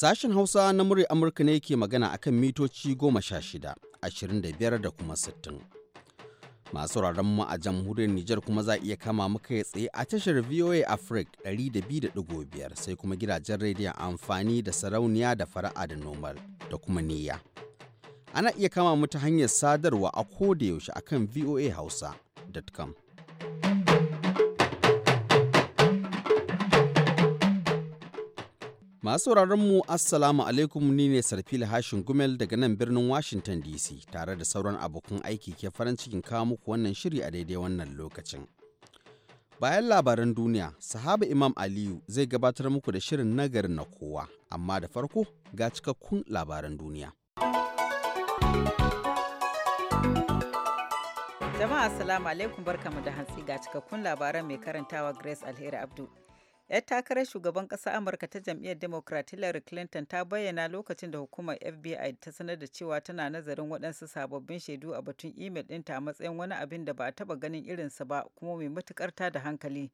Sashen Hausa na muryar Amurka ne ke magana akan mitoci goma sha shida, ashirin da biyar da kuma sittin. Masu mu a jamhuriyar Nijar kuma za iya kama muka ya tsaye a tashar VOA Africa biyar, sai kuma gidajen rediyon amfani da sarauniya da fara'a da nomal da kuma niyya. Ana iya kama mu ta hanyar sadarwa a koda yaushe akan hausa.com. Masu mu Assalamu alaikum ni ne Sarfila Hashin Gumel daga nan birnin Washington DC tare da sauran abokan aiki ke farin cikin kawo muku wannan shiri a daidai wannan lokacin. Bayan labaran duniya, sahaba Imam Aliyu zai gabatar muku da shirin nagarin na kowa, amma da farko ga cikakkun labaran duniya. Jama'a Assalamu alaikum barkamu da hantsi ga cikakkun labaran mai karantawa Grace Alheri Abdu. 'yar takarar shugaban ƙasa amurka ta jam'iyyar democrat hillary clinton ta bayyana lokacin da hukumar fbi ta sanar da cewa tana nazarin waɗansu sababbin shaidu a batun imel ɗinta a matsayin wani abin da ba a taɓa ganin irinsa ba kuma mai matuƙar ta da hankali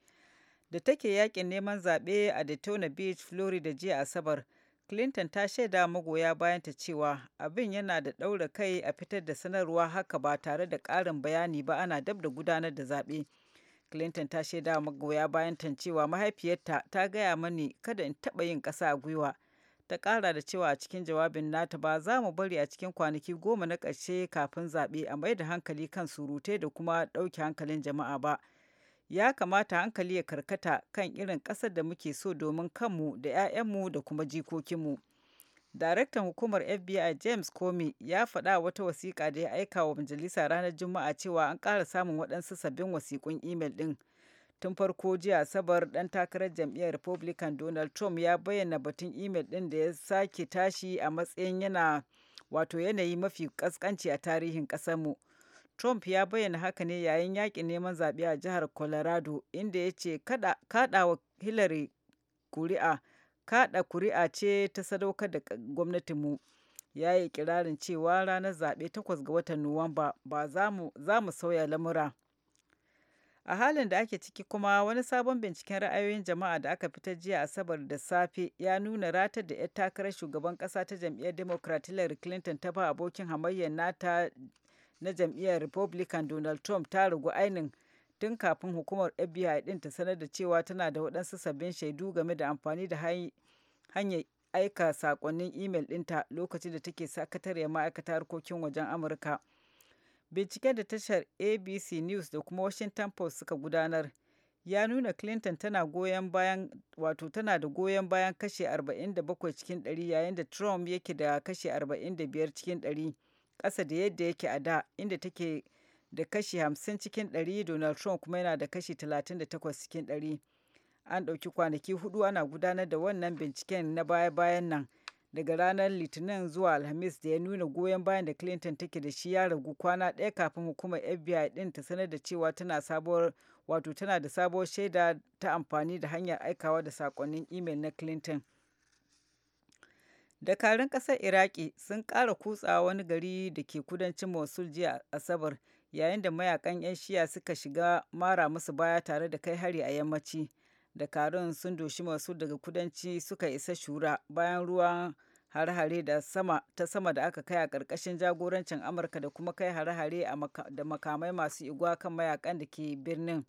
da take yakin neman zaɓe a daytona beach florida jiya asabar clinton ta shaida magoya bayanta cewa abin yana da ɗaura kai a fitar da sanarwa haka ba tare da ƙarin bayani ba ana dab da gudanar da zaɓe. Clinton ta shaida magoya bayan ta cewa mahaifiyarta ta gaya mani kada in taɓa yin ƙasa a gwiwa. Ta ƙara da cewa a cikin jawabin nata ba za mu bari a cikin kwanaki goma na ƙarshe kafin zaɓe a mai da hankali kan surutai da kuma ɗauke hankalin jama'a ba. Ya kamata hankali ya karkata kan irin ƙasar da muke so domin kanmu da 'ya'yanmu da kuma jikokinmu. Daraktan hukumar FBI James Comey ya faɗa wata wasiƙa da ya aika wa majalisa ranar Juma'a cewa an ƙara samun waɗansu sabbin wasiƙun imel ɗin. Tun farko jiya Asabar ɗan takarar jam'iyyar Republican Donald Trump ya bayyana batun imel ɗin da ya sake tashi a matsayin yana wato yanayi mafi ƙasƙanci a tarihin ƙasarmu. Trump ya bayyana haka ne yayin yaƙin neman zaɓe a jihar Colorado inda ya ce kaɗawa Hillary kuri'a Kaɗa kuri'a ce ta sadaukar da gwamnatinmu. Ya yi kirarin cewa ranar zaɓe 8 ga watan Nuwamba ba za mu sauya lamura. A halin da ake ciki kuma wani sabon binciken ra'ayoyin jama'a da aka fitar jiya Asabar da safe ya nuna ratar da 'yar takarar shugaban ƙasa ta jam'iyyar Democrat Hillary Clinton ta ba abokin hamayyar nata na jam'iyyar Republican Donald Trump ta ragu ainin tun kafin hukumar FBI ɗin ta sanar da cewa tana da waɗansu sabbin shaidu game da amfani da hanyar aika sakonnin imel ɗinta lokacin da take sakatariyar ma'aikatar harkokin wajen Amurka. Binciken da tashar ABC News da kuma Washington Post suka gudanar ya nuna Clinton tana goyon bayan wato tana da goyon bayan kashe 47 cikin 100 yayin da Trump yake da kashe 45 cikin 100 ƙasa da yadda yake a da inda take da kashi 50 cikin 100 donald trump kuma yana da kashi 38 cikin 100 an ɗauki kwanaki hudu ana gudanar da wannan binciken na baya-bayan nan daga ranar litinin zuwa alhamis da ya nuna goyon bayan da clinton take da shi ya ragu kwana ɗaya kafin hukumar fbi ɗin ta sanar da cewa tana sabuwar wato tana da sabuwar shaida ta amfani da hanyar aikawa da sakonnin imel na clinton dakarun ƙasar iraki sun ƙara kutsawa wani gari da ke kudancin mosul jiya asabar yayin da mayakan 'yan shiya suka shiga mara musu baya tare da kai hari a yammaci dakarun sun doshi masu daga kudanci suka isa shura bayan ruwan hare-hare ta sama da aka kai a ƙarƙashin jagorancin amurka da kuma kai hare-hare da makamai masu igwa kan mayakan da ke birnin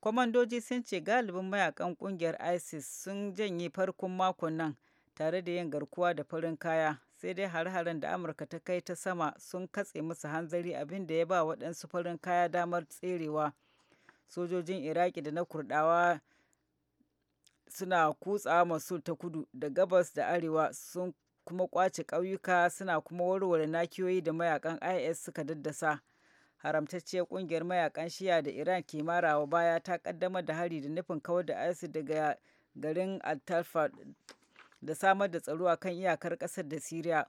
kwamandoji sun ce galibin mayakan ƙungiyar isis sun janye farkon makon nan tare da yin garkuwa da farin kaya sai dai hare-haren da amurka ta kai ta sama sun katse musu hanzari abin da ya ba waɗansu farin kaya damar tserewa sojojin iraki da na kurdawa suna kutsa masu ta kudu da gabas da arewa sun kuma kwace ƙauyuka suna kuma warware nakiyoyi da mayakan is suka daddasa haramtacciyar kungiyar mayakan shiya da iran ke marawa baya ta kaddamar da hari da nufin kawar da isis daga garin altalfa da samar da tsaro a kan iyakar ƙasar da Siriya.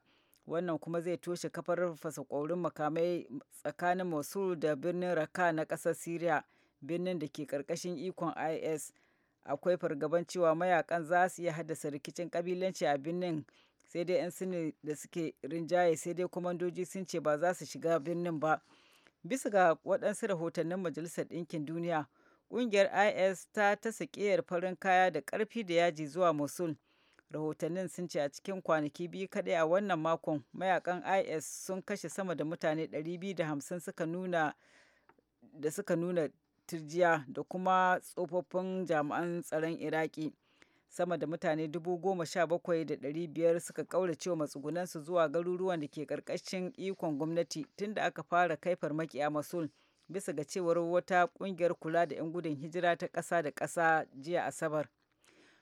Wannan kuma zai toshe kafar fasa makamai tsakanin Mosul da birnin Raqqa na ƙasar Siriya, birnin da ke ƙarƙashin ikon IS. Akwai fargaban cewa mayakan za su iya haddasa rikicin ƙabilanci a birnin sai dai 'yan sini da suke rinjaye sai dai kwamandoji sun ce ba za su shiga birnin ba. Bisa ga waɗansu rahotannin Majalisar Ɗinkin Duniya, ƙungiyar is ta ta ƙeyar farin kaya da ƙarfi da yaji zuwa mosul rahotannin sun ce a cikin kwanaki biyu kaɗai a wannan makon mayakan is sun kashe sama da mutane 250 suka nuna da suka nuna turjiya da kuma tsofaffin jami'an tsaron iraki sama da mutane 17,500 suka kaurace wa matsugunansu zuwa garuruwan da ke karkashin ikon gwamnati tunda aka fara kai farmaki a masul bisa ga cewar wata kungiyar kula da 'yan gudun hijira ta ƙasa da ƙasa jiya asabar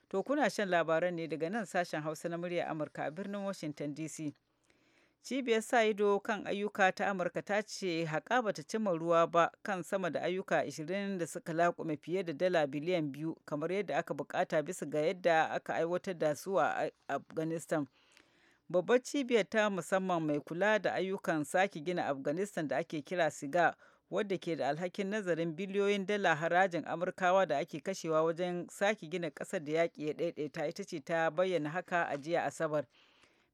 To kuna shan labaran ne daga nan sashen Hausa na murya Amurka a birnin Washington DC. Cibiyar sa ido kan ayyuka ta Amurka ta ce haƙa bata cimma ruwa ba kan sama da ayyuka 20 da suka laƙume fiye da dala biliyan biyu kamar yadda aka bukata bisa ga yadda aka aiwatar da su a Afghanistan. Babbar cibiyar ta musamman mai kula da ayyukan sake gina Afghanistan da ake kira SIGA wadda ke da alhakin nazarin biliyoyin dala harajin amurkawa da ake kashewa wajen sake gina ƙasar da yaƙi ya ɗaiɗaita ita ce ta bayyana haka a jiya asabar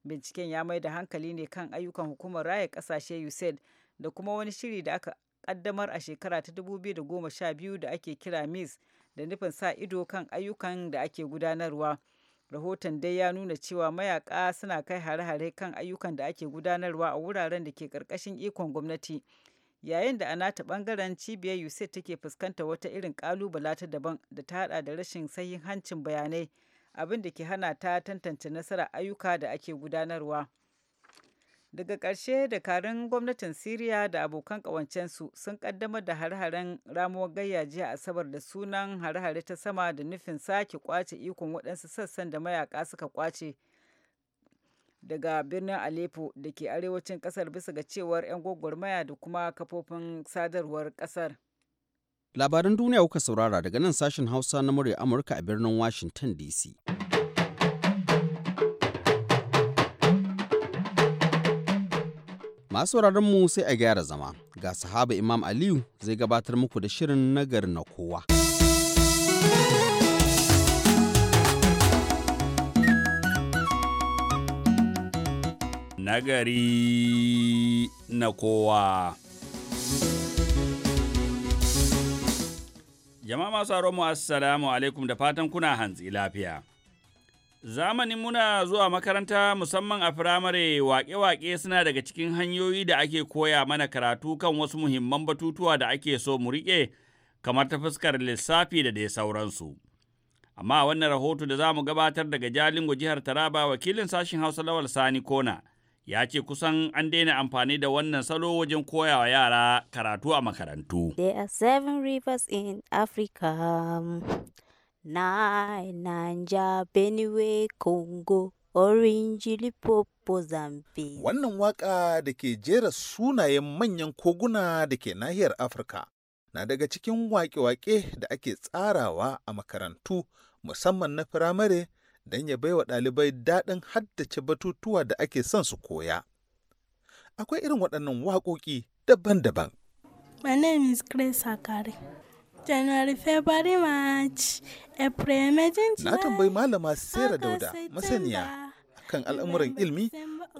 binciken ya mai da hankali ne kan ayyukan hukumar raya ƙasashe usaid da kuma wani shiri da aka ƙaddamar a shekara ta 2012 da ake kira mis da nufin sa ido kan ayyukan da ake gudanarwa rahoton dai ya nuna cewa mayaka suna kai hare-hare kan ayyukan da ake gudanarwa a wuraren da ke ƙarƙashin ikon gwamnati yayin da a nata bangaren cibiyar usaid take fuskantar wata irin kalubala ta daban da ta hada da rashin sahihancin bayanai abin da ke hana ta tantance nasarar ayyuka da ake gudanarwa daga ƙarshe karin gwamnatin siriya da abokan ƙawancensu sun ƙaddamar da hare-haren ramuwar gayya jiya asabar da sunan hare-hare ta sama da nufin sake kwace ikon waɗansu sassan da mayaka suka kwace daga birnin Aleppo da ke arewacin kasar bisa ga cewar 'yan gwagwarmaya da kuma kafofin sadarwar kasar. Labaran duniya kuka saurara daga nan sashen Hausa na murya Amurka a birnin Washington DC. Masu mu sai a gyara zama, ga sahaba Imam Aliyu zai gabatar muku da shirin nagari na kowa. nagari na kowa. Jama'a masu mu assalamu alaikum da fatan kuna hantsi lafiya. Zamanin muna zuwa makaranta musamman a firamare waƙe-waƙe suna daga cikin hanyoyi da ake koya mana karatu kan wasu muhimman batutuwa da ake so mu riƙe kamar ta fuskar lissafi da dai sauransu. Amma wannan rahoto da za mu gabatar daga Jalingo jihar Taraba wakilin sashen Hausa Lawal Sani Kona. ya ce kusan an daina amfani da wannan salo wajen koyawa yara karatu a makarantu. There are seven rivers in Africa. Um, Nine, Nanja, Benue, Congo, Orange, Lipopo, Zambia. Wannan waka da ke jera sunayen manyan koguna da ke nahiyar Afirka na daga cikin wake-wake da ake tsarawa a makarantu musamman na firamare don ya baiwa ɗalibai daɗin haddace batutuwa da ake son su koya. Akwai irin waɗannan waƙoƙi daban-daban. My name is Grace Akare. January, February, March, April, May, Na tambayi malama Sera Dauda masaniya kan al'amuran ilmi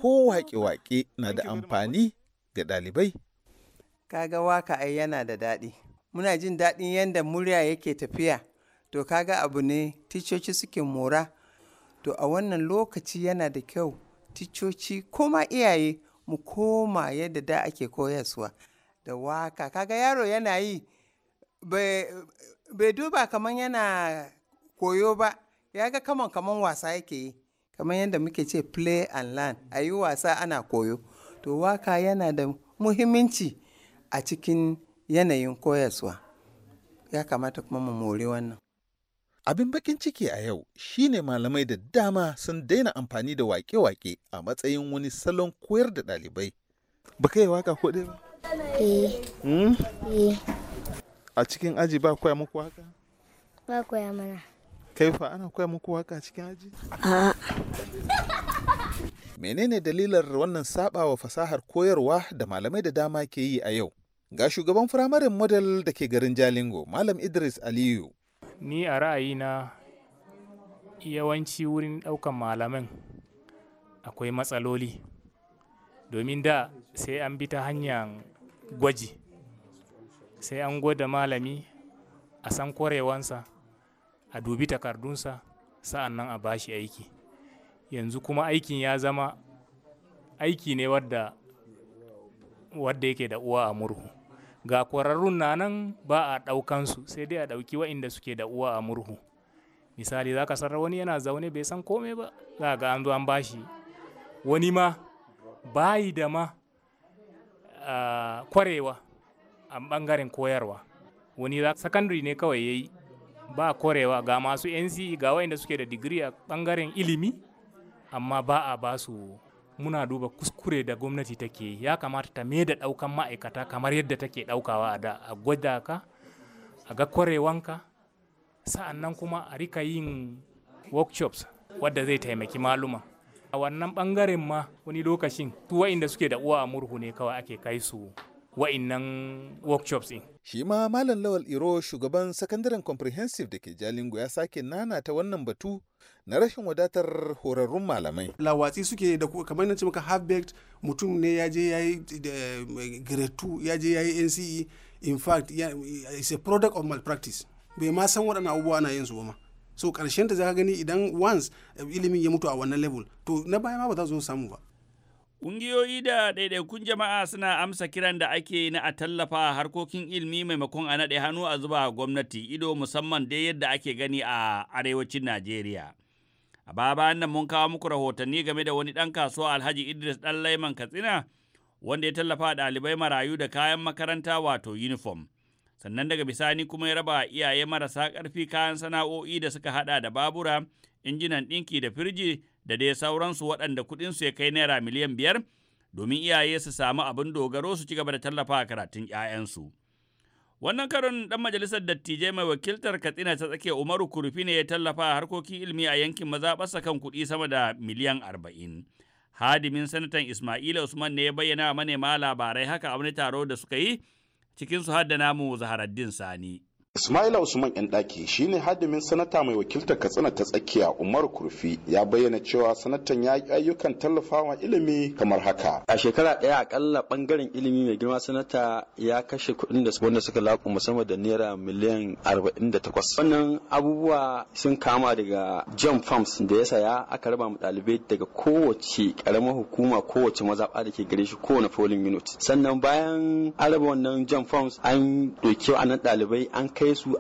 ko waƙe-waƙe na da amfani ga ɗalibai. Kaga waka ai yana da daɗi. Muna jin daɗin yadda murya yake tafiya. To kaga abu ne ticoci suke mora to a wannan lokaci yana da kyau ticoci kuma iyaye mu koma yadda da ake koyaswa da waka kaga yaro yana yi bai duba kaman yana koyo ba ya ga kaman kaman wasa yake yi Kamar yadda muke ce play and learn a yi wasa ana koyo to waka yana da muhimmanci a cikin yanayin koyaswa ya kamata kuma mu mori wannan Abin bakin ciki a yau shine malamai da dama sun daina amfani da wake-wake a matsayin wani salon koyar da ɗalibai. Ba kai waka ko ɗaya ba? Eh. Hmm? Eh. A cikin aji ba koya muku waka? Ba koya mana. Kai fa ana koya muku waka a cikin aji? A'a. Menene dalilar wannan sabawa fasahar koyarwa da malamai da dama ke yi a yau? Ga shugaban firamarin model da ke garin Jalingo, Malam Idris Aliyu, Ni a ra'ayina yawanci wurin ɗaukan malaman akwai matsaloli. Domin da sai an bi ta hanyar gwaji, sai an gwada malami a san kwarewansa a dubi takardunsa sa'annan a bashi aiki. Yanzu kuma aikin ya zama aiki ne wadda, wadda yake da uwa a murhu. ga kwararrun na nan ba a ɗaukansu sai dai a ɗauki waɗanda suke da uwa a murhu misali za ka sarra wani yana zaune bai san komai ba za ga an zo an bashi wani ma bayi da ma kwarewa a ɓangaren koyarwa wani za secondary ne kawai ya yi ba kwarewa ga masu nce ga waɗanda suke da digiri a ɓangaren ilimi amma ba a basu. muna duba kuskure da gwamnati take ya kamata ta me da ɗaukan ma'aikata kamar yadda take ɗaukawa a da a gwada ka a ga kwarewanka sa'annan kuma a rika yin workshops wadda zai taimaki maluma a wannan bangaren ma wani lokacin tuwa inda suke da uwa a murhu ne kawai ake kai su wa'innan workshops ɗin. Shi ma Malam Lawal Iro shugaban sakandaren comprehensive da ke Jalingo ya sake nana ta wannan batu na rashin wadatar horarrun malamai. Lawatsi suke da kamar nace maka half baked mutum ne ya je ya yi eh, grade 2 ya je ya yi NCE in fact is a product of malpractice. Bai ma san waɗannan abubuwa ana yin su ba So ƙarshen ta za ka gani idan once eh, ilimin ya mutu a wannan level to na baya ma ba za su samu ba. Ƙungiyoyi da ɗaiɗaikun jama'a suna amsa kiran da ake na a tallafa harkokin ilmi maimakon a naɗe hannu a zuba gwamnati ido musamman dai yadda ake gani a arewacin Najeriya. A baba bayan nan mun kawo muku rahotanni game da wani ɗan kasuwa Alhaji Idris ɗan Laiman Katsina wanda ya tallafa ɗalibai marayu da kayan makaranta wato uniform. Sannan daga bisani kuma ya raba iyaye marasa ƙarfi kayan sana'o'i da suka haɗa da babura, injinan ɗinki da firji da dai sauransu waɗanda kuɗinsu ya kai naira miliyan biyar domin iyaye su samu abin dogaro su ci gaba da tallafa karatun 'ya'yansu. Wannan karon ɗan majalisar dattijai mai wakiltar Katsina ta tsakiya Umaru Kurfi ne ya tallafa harkokin ilmi a yankin maza mazaɓarsa kan kuɗi sama da miliyan arba'in. Hadimin sanatan Isma'il Usman ne ya bayyana manema labarai haka a wani taro da suka yi cikinsu har da namu Zaharaddin Sani. Isma'il Usman yan ɗaki shine hadimin sanata mai wakiltar Katsina ta tsakiya Umar Kurfi ya bayyana cewa sanatan ya yi ayyukan tallafawa ilimi kamar haka. A shekara ɗaya akalla bangaren ilimi mai girma sanata ya kashe kuɗin da wanda suka laƙu musamman da naira miliyan 48. Wannan abubuwa sun kama daga jam Farms da ya saya aka raba mu ɗalibai daga kowace karamar hukuma kowace mazaɓa da ke gare shi kowane polling unit. Sannan bayan an raba wannan jam Farms an wa anan ɗalibai an kai kai su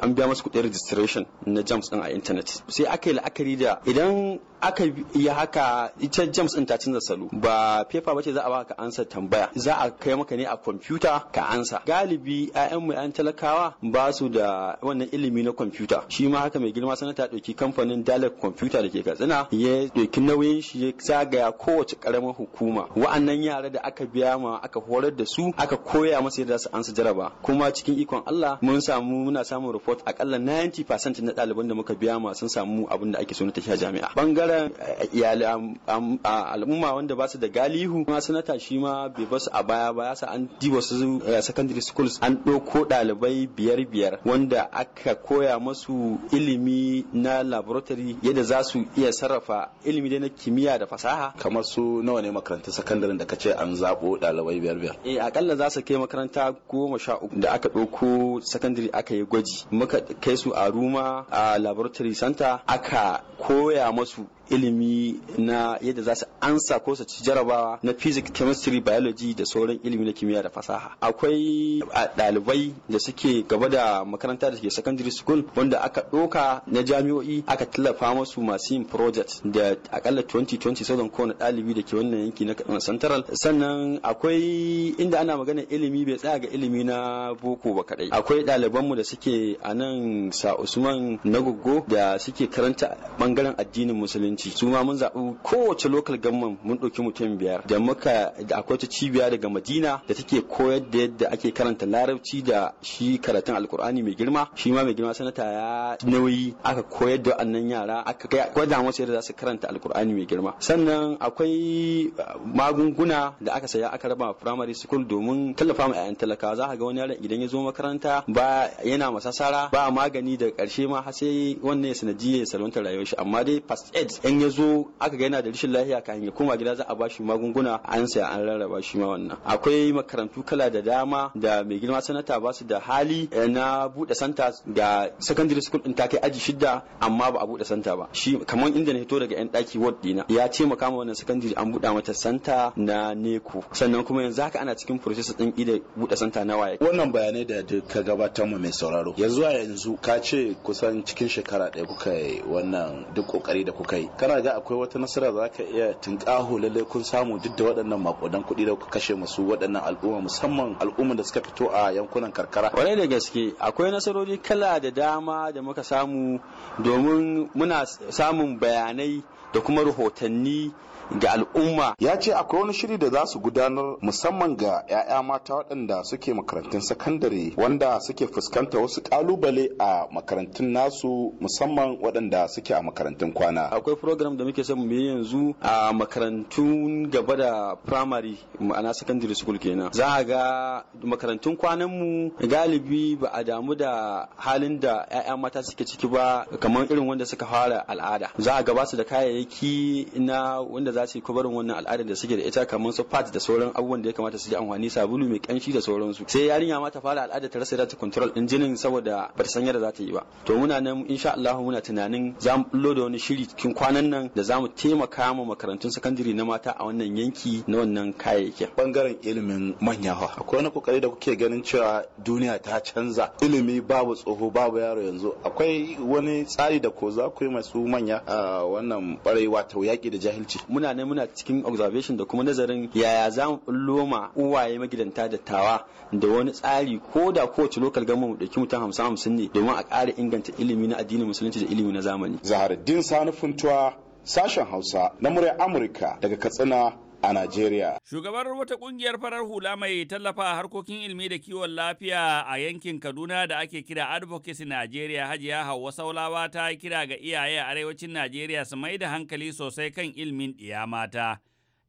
an biya masu kuɗin registration na jams din a intanet sai aka yi la'akari da idan aka yi haka ita James din ta canza salo ba paper ce za a baka ansa tambaya za a kai maka ne a kwamfuta ka ansa galibi ayan mu yan talakawa ba su da wannan ilimi na kwamfuta shi ma haka mai girma sanata ɗauki kamfanin Dalek kwamfuta da ke Katsina ya dauki nauyin shi ya zagaya kowace karamar hukuma wa'annan yara da aka biya ma aka horar da su aka koya masa yadda su ansa jaraba kuma cikin ikon Allah mun samu muna samun report akalla 90% na ɗaliban da muka biya ma sun samu abin da ake so na tafiya jami'a bangaren eh, al'umma wanda ba su da galihu ma sanata shi ma bai basu a baya ba yasa an di su eh, secondary schools an ɗauko ɗalibai biyar biyar wanda aka koya masu ilimi na laboratory yadda za su iya sarrafa ilimi dai na kimiyya da fasaha kamar su nawa ne makarantar secondary da ka ce an zaɓo ɗalibai biyar biyar eh akalla za su kai makaranta goma sha uku da aka ɗauko secondary aka yi gwaji muka kai su a ruma a laboratory center aka koya masu ilimi na yadda za su ansa ko su ci jarabawa na physics chemistry biology da sauran ilimi na kimiyya da fasaha akwai ɗalibai da suke gaba da makaranta da suke secondary school wanda aka ɗoka na jami'o'i aka tallafa musu masu yin project da akalla 2020 sauran kowane ɗalibi da ke wannan yanki na kaduna central sannan akwai inda ana magana ilimi bai tsaya ga ilimi na boko ba kadai akwai ɗalibanmu da suke a nan sa usman na da suke karanta bangaren addinin musulunci abinci su ma mun zaɓi kowace lokal government mun ɗauki mutum biyar da muka da akwai ta cibiya daga madina da take koyar da yadda ake karanta larabci da shi karatun alkur'ani mai girma shi ma mai girma sanata ya nauyi aka koyar da wannan yara aka kai gwada musu yadda za su karanta alkur'ani mai girma sannan akwai uh, magunguna da aka saya aka raba primary school domin tallafa ma 'ya'yan talaka za ka ga wani yaron idan ya zo makaranta ba yana masasara ba magani da ƙarshe ma har sai wannan ya sanadiyar salwantar rayuwar shi amma dai first aid in ya zo aka ga yana da rashin lafiya kan ya koma gida za a bashi magunguna an saya an rarraba shi ma wannan akwai makarantu kala da dama da mai girma sanata ba su da hali eh, na bude santa ga secondary school din ta kai aji shida amma ba a bude santa ba shi kamar inda na hito daga yan daki ward dina ya ce ma kama wannan secondary an buɗe mata santa na neko sannan kuma yanzu haka ana cikin process din ida bude santa na waye wannan bayanai da ka gabatar mu mai sauraro yanzu a yanzu ka ce kusan cikin shekara ɗaya kuka yi wannan duk kokari da kuka yi kana ga akwai wata nasara za ka iya tunƙaho lalle kun samu duk da waɗannan makodan kuɗi da kuka kashe musu waɗannan al'umma musamman al'umman da suka fito a yankunan karkara kwarai da gaske akwai nasarori kala da dama da muka samu domin muna samun bayanai da kuma rahotanni ga al'umma ya ce akwai wani shiri da za su gudanar musamman ga 'ya'ya mata waɗanda suke makarantun sakandare wanda suke fuskanta wasu ƙalubale a makarantun nasu musamman waɗanda suke a makarantun kwana akwai program da muke son mu yanzu a makarantun gaba da primary ma'ana secondary school kenan za a ga makarantun kwanan mu galibi ba a damu da halin da 'ya'ya mata suke ciki ba kamar irin wanda suka fara al'ada za a gaba su da kayayyaki na wanda za su yi kubarin wannan al'adar da suke da ita kamar su fat da sauran abubuwan da ya kamata su ji amfani sabulu mai kanshi da sauransu sai yarinya ma ta fara al'ada ta rasa ta control din jinin saboda ba ta san yadda za ta yi ba to muna nan insha Allah muna tunanin za mu bullo da wani shiri cikin kwanan nan da za mu taimaka mu makarantun sakandare na mata a wannan yanki na wannan kayayyakin bangaren ilimin manya akwai wani kokari da kuke ganin cewa duniya ta canza ilimi babu tsoho babu yaro yanzu akwai wani tsari da ko za ku yi masu manya a wannan barewa ta yaki da jahilci muna muna ne muna cikin observation da kuma nazarin yaya za mu bullo ma uwaye magidanta da tawa da wani tsari ko da kowace lokal gama mu dauki mutum hamsin hamsin ne domin a ƙara inganta ilimi na addinin musulunci da ilimi na zamani. din Sani Funtuwa sashen Hausa na murya Amurka daga Katsina a Najeriya. Shugabar wata kungiyar farar hula mai tallafa harkokin ilmi da kiwon lafiya a yankin Kaduna da ake kira Advocacy Najeriya Hajiya Hauwa Saulawa ta kira ga iyaye a arewacin Najeriya su mai da hankali sosai kan ilmin ɗiya mata.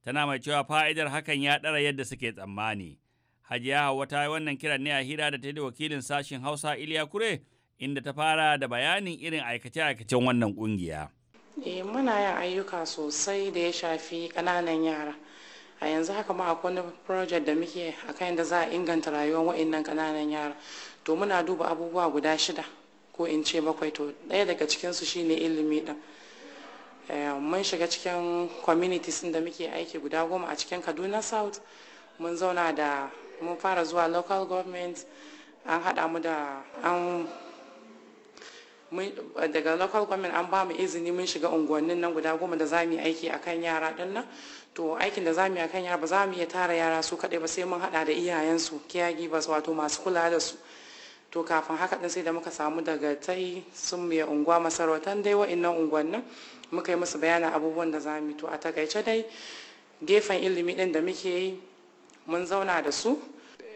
Tana mai cewa fa'idar hakan ya ɗara yadda suke tsammani. Hajiya Hauwa ta yi wannan kiran ne a hira da ta da wakilin sashen Hausa Iliya Kure inda ta fara da bayanin irin aikace-aikacen wannan ƙungiya. Eh muna yin ayyuka sosai da ya shafi kananan yara. A yanzu haka ma akwai wani project da muke a kan yadda za a inganta rayuwar waɗannan kananan yara. To muna duba abubuwa guda shida ko in ce bakwai to ɗaya daga cikinsu shine ilimi ɗin. Eh, mun shiga cikin communities da muke aiki guda goma a cikin kaduna south mun zauna da mun fara zuwa local government an haɗa mu da an daga local government an ba mu izini mun shiga unguwannin nan guda goma da za mu yi aiki akan yara din nan to aikin da za mu yi a kan yara ba za mu iya tara yara su kaɗai ba sai mun haɗa da iyayensu caregivers wato masu kula da su to kafin haka din sai da muka samu daga tai sun mai unguwa masarautan dai wa'innan unguwannin muka yi musu bayanin abubuwan da za mu yi to a takaice dai gefen ilimi din da muke yi mun zauna da su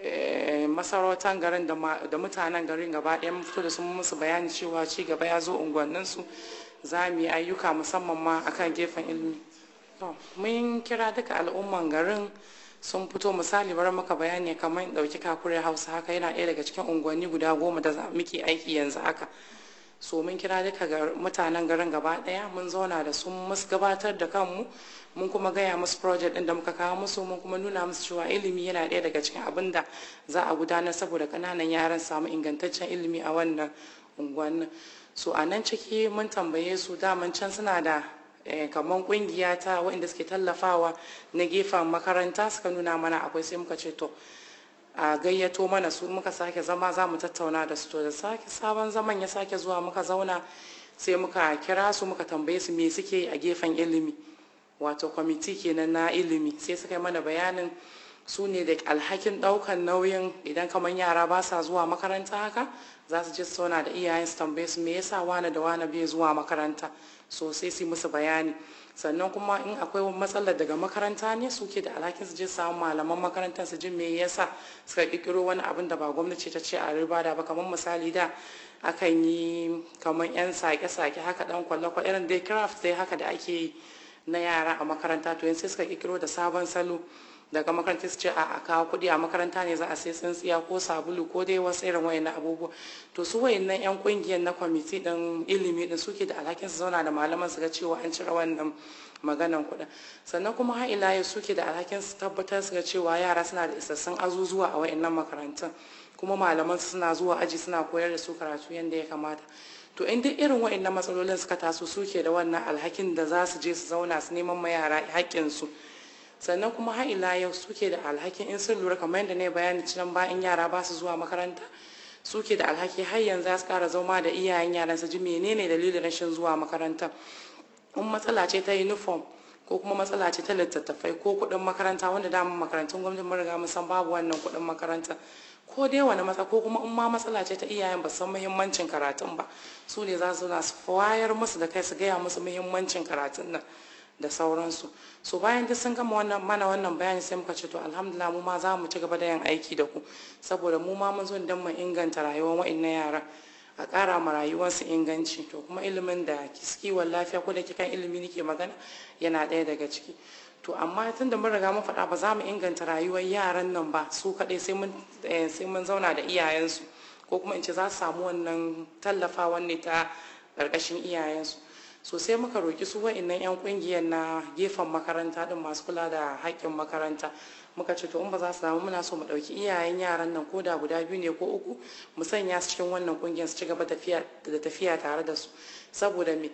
Eh, masarautar garin da mutanen garin gaba ɗaya mun fito da sun musu bayani cewa ci gaba ya zo unguwanninsu za mu yi ayyuka musamman ma akan gefen ilimi mun kira duka al'umman garin sun fito misali bar maka bayani kamar ɗauki kakure hausa haka yana ɗaya daga cikin unguwanni guda goma da muke aiki yanzu haka so mun kira duka mutanen garin gaba daya mun zauna da su musu gabatar da kanmu mun kuma gaya musu project din da muka kawo musu mun kuma nuna musu cewa ilimi yana daya daga cikin abin da za a gudanar saboda kananan yaran samu ingantaccen ilimi a wannan unguwannin so a nan ciki mun tambaye su daman can suna da eh, kamar kungiya ta waɗanda suke tallafawa na gefen makaranta suka nuna mana akwai sai muka ce to a gayyato mana su muka sake zama za mu tattauna da su to da sake sabon zaman ya sake zuwa muka zauna sai muka kira su muka tambaye su me suke a gefen ilimi wato kwamiti kenan na ilimi sai suka yi mana bayanin su ne da alhakin daukan nauyin idan kamar yara ba sa zuwa makaranta haka za su je zauna da iyayen su tambaye su me yasa wane da wane bai zuwa makaranta sosai sai su musu bayani sannan kuma in akwai matsalar daga makaranta ne suke da alhakin su je samu malaman makarantar su jin me yasa suka kikiro wani abin da ba gwamnati ta ce a riba da ba kamar misali da akan yi kamar yan sake-sake haka dan ko irin dai craft dai haka da ake yi na yara a makaranta to yanzu suka kikiro da sabon salo daga makarantar su ce a kawo kuɗi a makaranta ne za a sai tsintsiya ko sabulu ko dai wasu irin na abubuwa to su wayannan yan kungiyar na kwamiti ɗin, ilimi din suke da alhakin su zauna da malaman su ga cewa an cire wannan maganan kuɗin sannan kuma har ila yau suke da alhakin su tabbatar su ga cewa yara suna da isassun azuzuwa a wayannan makarantun kuma malaman su suna zuwa aji suna koyar da su karatu yadda ya kamata to in duk irin nan matsalolin suka taso suke da wannan alhakin da za su je su zauna su neman ma yara haƙƙinsu su sannan kuma har ila yau suke da alhakin in sun lura kamar yadda ne bayani cinan bayan yara ba su zuwa makaranta suke da alhaki har yanzu za su kara zama da iyayen yaran su ji menene dalilin rashin zuwa makaranta in matsala ce ta uniform ko kuma matsala ce ta littattafai ko kuɗin makaranta wanda dama makarantun gwamnati mun riga mun san babu wannan kuɗin makaranta ko dai wani matsala ko kuma in ma matsala ce ta iyayen ba san muhimmancin karatun ba su ne za su na su wayar musu da kai su gaya musu muhimmancin karatun nan da sauransu so bayan duk sun gama wannan mana wannan bayani sai muka ce to alhamdulillah mu ma za mu ci gaba da yin aiki da ku saboda mu ma mun zo don mu inganta rayuwar wa'annan yara a ƙara ma rayuwarsu inganci to kuma ilimin da kiwon lafiya ko da kikan ilimi nake magana yana ɗaya daga ciki to amma tun da mun riga mun faɗa ba za mu inganta rayuwar yaran nan ba su kaɗai sai mun eh, zauna da iyayensu ko kuma in ce za su samu wannan tallafa wanne ta ƙarƙashin iyayensu so sai muka roki su wa'annan 'yan kungiyar na gefen makaranta din masu kula da haƙƙin makaranta muka ce to in ba za su zama muna so mu ɗauki iyayen yaran nan ko da guda biyu ne ko uku mu sanya su cikin wannan kungiyar su ci gaba da tafiya tare da su saboda me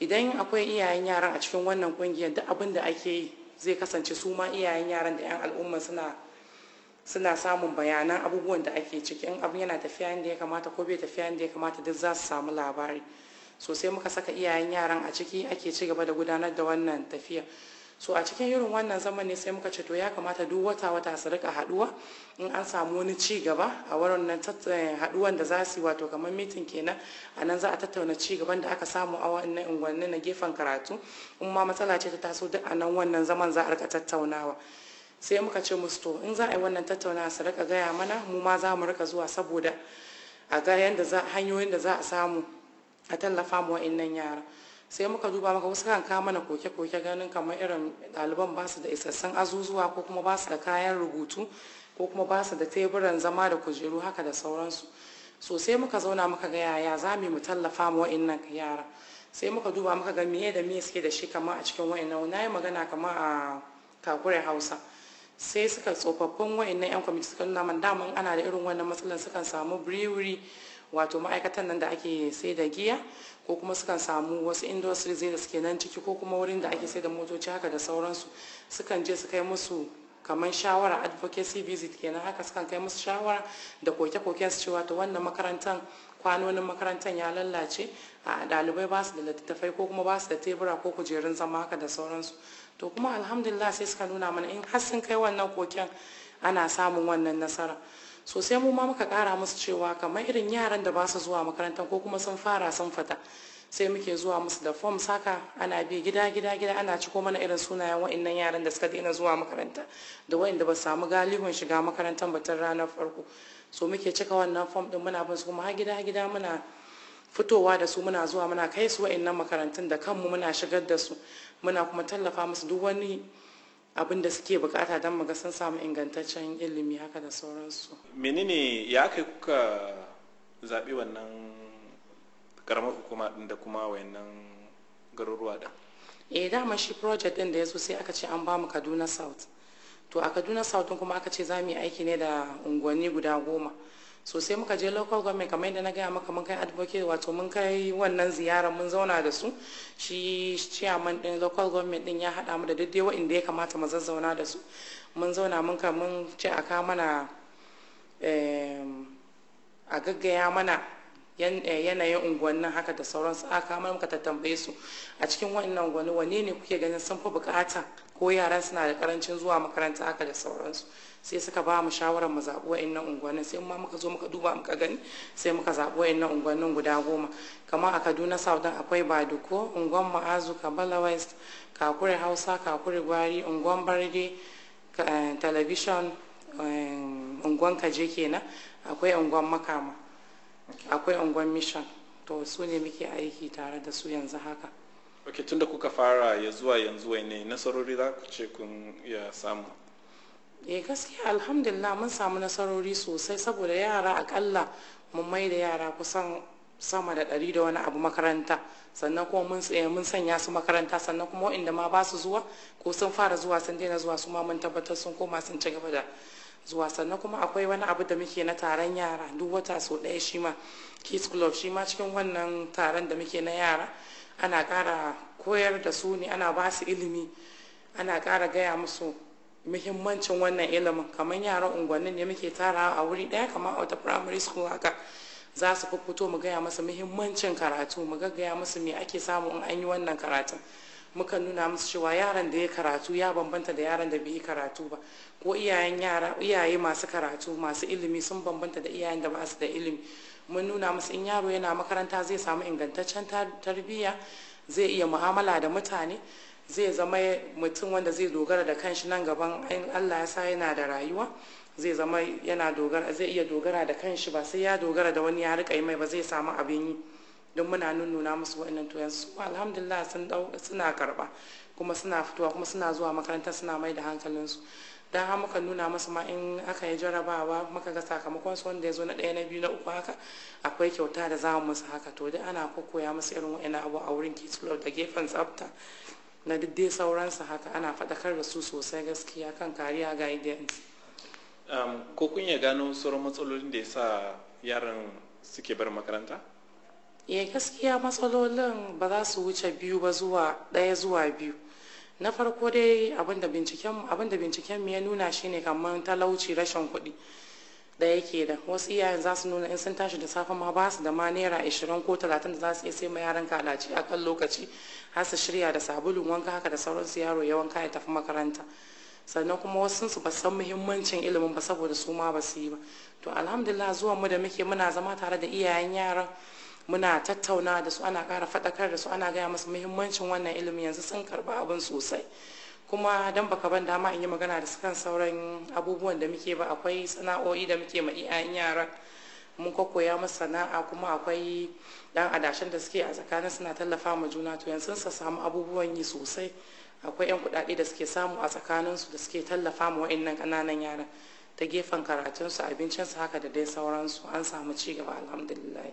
idan akwai iyayen yaran a cikin wannan kungiyar duk abin da ake yi zai kasance su ma iyayen yaran da 'yan al'umma suna suna samun bayanan abubuwan da ake ciki in abin yana tafiya yadda ya kamata ko bai tafiya yadda ya kamata duk za su samu labari Sosai muka saka iyayen yaran a ciki ake ci gaba da gudanar da wannan tafiya so a cikin irin wannan zaman ne sai muka ce to ya kamata duk wata wata su rika haduwa in an samu wani ci gaba a wannan eh, haduwan da za su wato kamar mitin kenan a nan za a tattauna ci gaban da aka samu a wannan unguwanni na gefen karatu in ma matsala ce ta taso duk a nan wannan zaman za a rika tattaunawa sai muka ce musu to in za a yi wannan tattaunawa su rika gaya mana mu ma za mu rika zuwa saboda a ga yanda hanyoyin da za a samu a tallafa ma wa'annan yara sai muka duba maka wasu kan kama mana koke-koke ganin kamar irin ɗaliban ba su da isassun azuzuwa ko kuma ba su da kayan rubutu ko kuma ba su da teburan zama da kujeru haka da sauransu so sai muka zauna muka ga yaya za mu tallafa ma wa'annan yara sai muka duba muka ga miye da miye suke da shi kamar a cikin wa'annan na yi magana kamar a kakure hausa sai suka tsofaffin wa'annan yan kwamiti suka nuna man daman ana da irin wannan matsalan sukan samu brewery wato ma'aikatan nan da ake sai da giya ko kuma sukan samu wasu industries da suke nan ciki ko kuma wurin da ake sai da motoci haka da sauransu sukan je su kai musu kamar shawara advocacy visit kenan haka sukan kai musu shawara da koke-koken su cewa to wannan makarantar kwanonin makarantar ya lallace a ɗalibai ba su da littattafai ko kuma ba su da tebura ko kujerun zama haka da sauransu to kuma alhamdulillah sai suka nuna mana in har sun kai wannan koken ana samun wannan nasara so sai mu ma muka kara musu cewa kamar irin yaran da ba su zuwa makarantar ko kuma sun fara sun fata sai muke zuwa musu da form saka ana bi gida gida gida ana ciko mana irin sunayen wa'annan yaran da suka daina zuwa makaranta da wa'anda ba su samu galibin shiga makarantar batun ranar farko so muke cika wannan form din muna bin su kuma har gida gida muna fitowa da su muna zuwa muna kai su wa'annan makarantun da kanmu muna shigar da su muna kuma tallafa musu duk wani abin da suke bukata don muga sun samu ingantaccen ilimi haka da sauransu menene ya kai kuka zaɓi wannan karamar hukuma din da kuma wayannan garuruwa da. eh dama shi project ɗin da ya zo sai aka ce an bamu kaduna south to a kaduna south kuma aka ce za mu yi aiki ne da unguwanni guda goma Sosai muka je local government kamar yadda na gaya maka mun kai advocate wato mun kai wannan ziyara mun zauna da su shi chairman din local government din ya hada mu da daidai wanda ya kamata mu zazzauna da su mun zauna mun ka mun ce a ka mana a gaggaya mana eh, yanayin unguwannin haka da sauransu aka mana muka tattambaye su a cikin wannan unguwanni wane ne kuke ganin sun fi bukata ko yaran suna da karancin zuwa makaranta haka da sauransu sai suka ba mu shawarar mu zaɓi wa'annan unguwannin sai ma muka zo muka duba muka gani sai muka zaɓi wa'annan unguwannin guda goma kamar a kaduna south akwai baduko unguwan ma'azu kabala west kakuri hausa kakuri gwari unguwan barde eh, television eh, unguwan kaje kenan akwai unguwan makama akwai unguwan mission to su ne muke aiki tare da su yanzu haka ok tun da kuka fara ya zuwa yanzu ne nasarori za ku ce kun ya samu eh gaskiya alhamdulillah mun samu nasarori sosai saboda yara akalla mun mai da yara kusan sama da ɗari da wani abu makaranta sannan kuma mun mun sanya su makaranta sannan kuma inda ma ba su zuwa ko sun fara zuwa sun daina zuwa su ma mun tabbatar sun koma sun ci gaba da zuwa sannan kuma akwai wani abu da muke na taron yara duk wata sau ɗaya shi ma kids club shi ma cikin wannan taron da muke na yara ana ƙara koyar da su ne ana ba su ilimi ana ƙara gaya musu muhimmancin wannan ilimin kamar yaran unguwannin ne muke tarawa a wuri daya kamar a wata primary school haka za su fito mu gaya masa muhimmancin karatu mu gaggaya masu me ake samu in an yi wannan karatun muka nuna musu cewa yaran da ya karatu ya bambanta da yaran da bai yi karatu ba ko iyayen yara iyaye masu karatu masu ilimi sun bambanta da iyayen da ba su da ilimi mun nuna musu in yaro yana makaranta zai samu ingantaccen tarbiyya zai iya mu'amala da mutane zai zama mutum wanda zai dogara da kanshi nan gaban allah ya sa yana da rayuwa zai zama yana dogara zai iya dogara da kanshi ba sai ya dogara da wani ya rika mai ba zai samu abin yi don muna nuna musu wa'annan to yanzu alhamdulillah sun suna karba kuma suna fitowa kuma suna zuwa makaranta suna mai da hankalinsu dan har muka nuna musu ma in aka yi jarabawa muka ga sakamakon su wanda ya zo na ɗaya na biyu na uku haka akwai kyauta da za mu musu haka to dai ana koya musu irin wa'annan abu a wurin kitsulo da gefen tsafta na duk dai sauransu haka ana faɗakar da su sosai gaskiya kan kariya guidance um, ko kun ya gano sauran matsalolin da ya sa yaran suke bar makaranta ya eh, gaskiya matsalolin ba za su wuce biyu ba zuwa ɗaya zuwa biyu na farko dai abinda binciken mu ya nuna shine kamar talauci rashin kuɗi da yake da wasu iyayen za su nuna in sun tashi da safe ma ba su da ma naira ishirin ko talatin da za su iya sai ma yaran kalaci a kan lokaci har su shirya da sabulun wanka haka da sauransu yaro ya wanka ya tafi makaranta sannan kuma wasu su ba san muhimmancin ilimin ba saboda su ma ba su yi ba to alhamdulillah zuwan mu da muke muna zama tare da iyayen yaran muna tattauna da su ana kara faɗakar da su ana gaya musu muhimmancin wannan ilimin yanzu sun karɓi abin sosai kuma dan baka ban dama in yi magana da sukan sauran abubuwan da muke ba akwai sana'o'i da muke ma iyayen yaran mun koya musu sana'a kuma akwai dan adashin da suke a tsakanin suna tallafa ma juna to yanzu sun samu abubuwan yi sosai akwai yan kuɗaɗe da suke samu a tsakanin su da suke tallafa ma wa'annan kananan yara ta gefen karatunsu abincinsu haka da dai sauransu an samu ci gaba alhamdulillah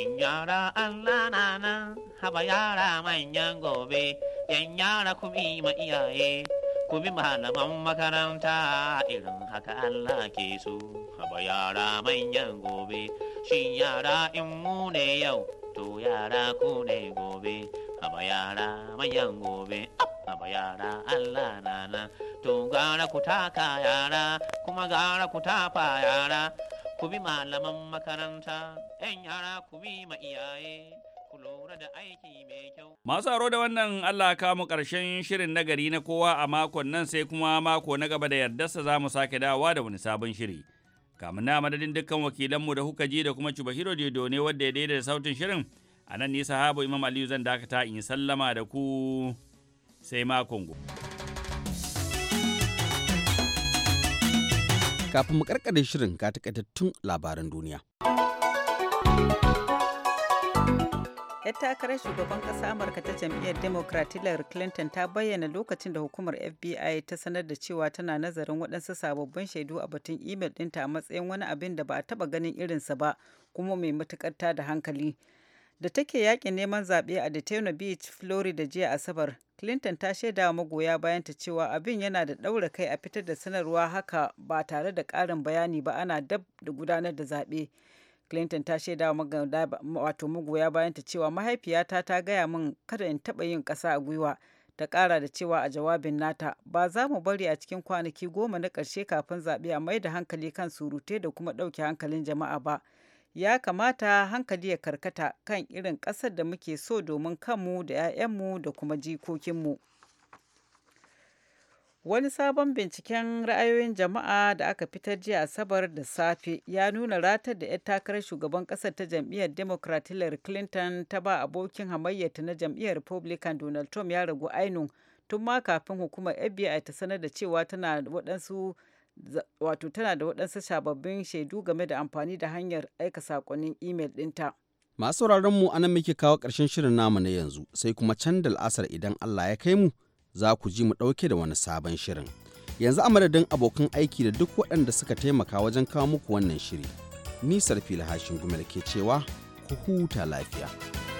in e, yara Allah nana habayara haba yara manyan gobe yan yara ku ma iyaye makaranta irin haka Allah ke so haba yara manyan gobe shin yara in mu ne yau to yara ku ne gobe haba gobe Allah na to yara kuma gara yara ku bi malaman makaranta, ‘yan yara ku bi ma iyaye, ku lura da aiki mai kyau. Masu aro da wannan Allah ka mu ƙarshen shirin nagari na kowa a makon nan sai kuma mako na gaba da yardarsa za mu sake dawowa da wani sabon shiri. Kamun na madadin dukkan wakilanmu da kuka ji da kuma Cibahiro Dedo ne wadda ya daidaita sautin shirin. A nan ni habu Imam Aliyu zan dakata in sallama da ku sai makon gobe. Kafin mu karkare shirin ga takaitattun labaran duniya. yar takarar shugaban ƙasa amurka ta jam'iyyar democrat hillary clinton ta bayyana lokacin da hukumar fbi ta sanar da cewa tana nazarin waɗansu sababbin shaidu a batun imel ɗinta a matsayin wani abin da ba a taɓa ganin irinsa ba kuma mai matuƙar da hankali da take yakin neman zaɓe a Daytona Beach, Florida jiya Asabar. Clinton ta shaida wa magoya bayanta cewa abin yana da ɗaura kai a fitar da sanarwa haka ba tare da ƙarin bayani ba ana dab da gudanar da zaɓe. Clinton ta shaida wa magoya bayanta cewa mahaifiyata ta gaya min kada in taɓa yin ƙasa a gwiwa. Ta ƙara da cewa a jawabin nata ba za mu bari a cikin kwanaki goma na ƙarshe kafin zaɓe a mai da hankali kan surute da kuma ɗauke hankalin jama'a ba. ya kamata hankali ya karkata kan irin ƙasar da muke so domin kanmu da 'ya'yanmu da kuma jikokinmu. Wani sabon binciken ra'ayoyin jama'a da aka fitar jiya Asabar da safe ya nuna ratar da 'yar takarar shugaban ƙasar ta jam'iyyar Democrat Hillary Clinton ta ba abokin hamayyata na jam'iyyar Republican Donald Trump ya ragu ainun tun ma kafin hukumar FBI ta sanar da cewa tana waɗansu wato tana da waɗansu sababbin shaidu game da amfani da hanyar aika sakonnin imel ɗinta. Masu mu anan muke kawo ƙarshen shirin namu na yanzu sai kuma can da al'asar idan Allah ya kai mu za ku ji mu ɗauke da wani sabon shirin. Yanzu a madadin abokan aiki da duk waɗanda suka taimaka wajen kawo muku wannan shiri. Nisar fili hashin gumel ke cewa ku huta lafiya.